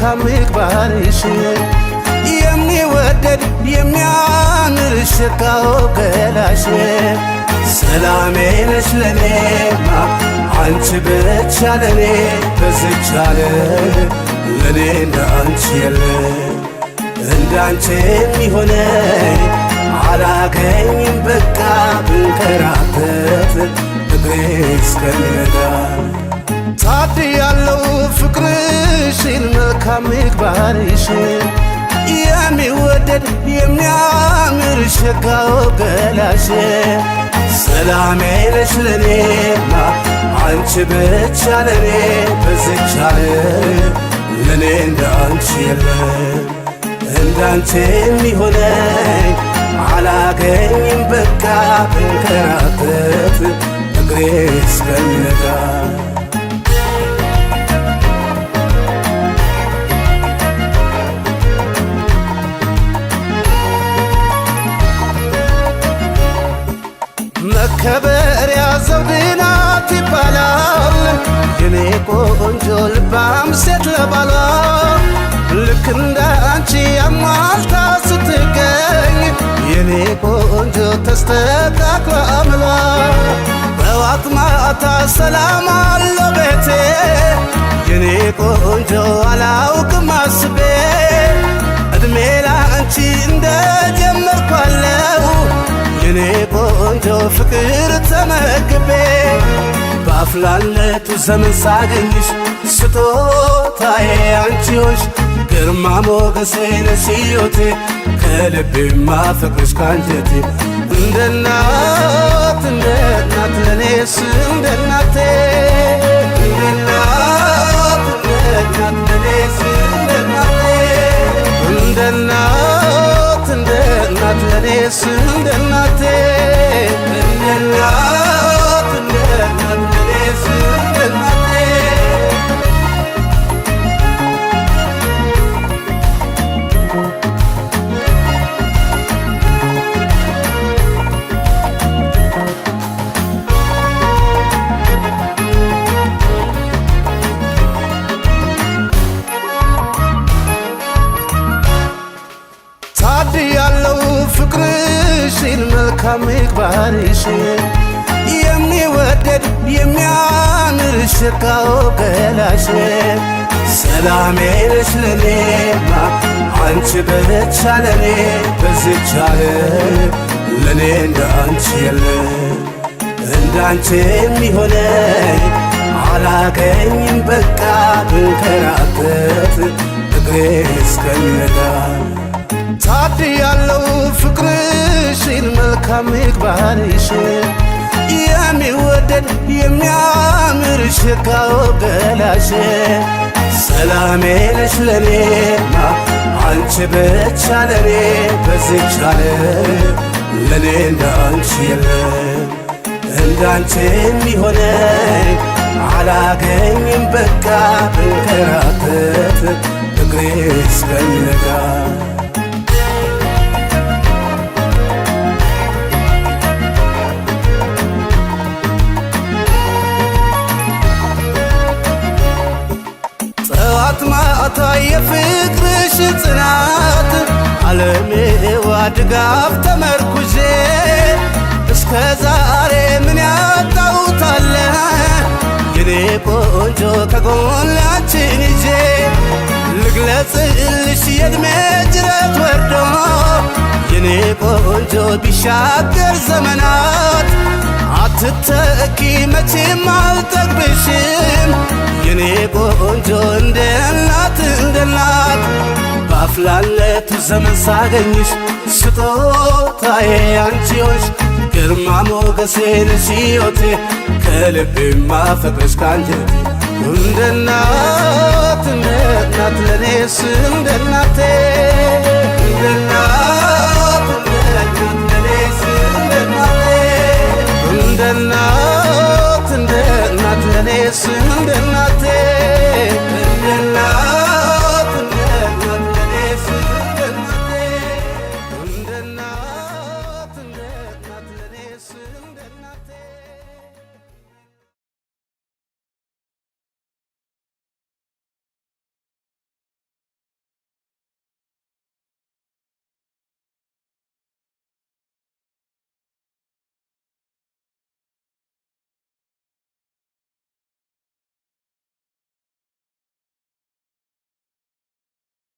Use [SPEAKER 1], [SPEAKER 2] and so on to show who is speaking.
[SPEAKER 1] መልካም ምግባርሽ የሚወደድ የሚያምር ሽታው ገላሽ
[SPEAKER 2] ሰላሜ ነሽ ለኔማ አንቺ ብቻ ለኔ በዝች ዓለም ለኔ እንደ አንቺ የለ እንዳንቺ የሚሆነ አላገኝም በቃ ብንከራተት እግሬ እስከሚነጋ
[SPEAKER 1] ታድያለው ፍቅር ባህሪሽን መልካም ምግባርሽ የሚወደድ የሚያምር ሸጋው ገላሽ
[SPEAKER 2] ሰላሜ ነሽ ለኔማ አንቺ ብቻ ለኔ በዝቻ ለኔ እንዳንቺ የለ እንዳንቺ የሚሆነኝ አላገኝም በቃ ብንከራተት እግሬ እስከሚነጋ
[SPEAKER 1] ከበር ያዘው ዲናት ይባላል የኔ ቆንጆ ልባም ሴት ለባሏ ልክ እንደ አንቺ አሟልታ ስትገኝ የኔ ቆንጆ ተስተካክሎ አምሏ ጠዋት ማታ ሰላም አለው ቤቴ የኔ ቆንጆ አላውቅም አስቤ አግቤ
[SPEAKER 2] በአፍላነቱ ዘመን ሳገኝሽ ስጦታዬ አንቺዎች ግርማ ሞገሴ ነሽ ሕይወቴ ከልቤ ማፈቅርሽ ካንጀቴ
[SPEAKER 1] እንደ እናት እንደ እናት ለኔስ እንደ እናቴ እንደ እናት እንደ እናት ለኔስ እንደ እናቴ እንደ እናት እንደ እናት ለኔስ እንደ እናቴ እንደ እናት ፍቅርሽ ሲል መልካም ምግባርሽ የሚወደድ የሚያምር ሽካው ገላሽ
[SPEAKER 2] ሰላሜ ነሽ ለኔማ አንቺ ብቻ ለኔ በዝቻ ለኔ እንዳንቺ የለ እንዳንቺ የሚሆነ አላገኝም በቃ ብንከራተት እግሬ እስከሚነጋ
[SPEAKER 1] ታድያለው ፍቅርሽን መልካም ምግባርሽ የሚወደድ የሚያምር ሽካው ገላሽ
[SPEAKER 2] ሰላሜ ነሽ ለኔማ አንቺ ብቻ ለኔ በዚች ዓለም ለኔ እንዳንቺ የለም እንዳንቺ የሚሆነኝ
[SPEAKER 1] ጽናት አለሜዋ ድጋፍ ተመርኩዜ እስከ ዛሬ ምን ያጣውታለ የኔ ቆንጆ ከጎናችን ይዤ ልግለጽልሽ የእድሜ ጅረት ወርዶ የኔ ቆንጆ ቢሻገር ዘመናት አትተኪ መቼም
[SPEAKER 2] ስላለት ዘመን ሳገኝሽ ስጦታዬ አንቺዎች ግርማ ሞገሴን ሲዮቴ ከልቤ ማፈቅርሽ ካንጀቴ
[SPEAKER 1] እንደናት እንደናት ለኔስ እንደናቴ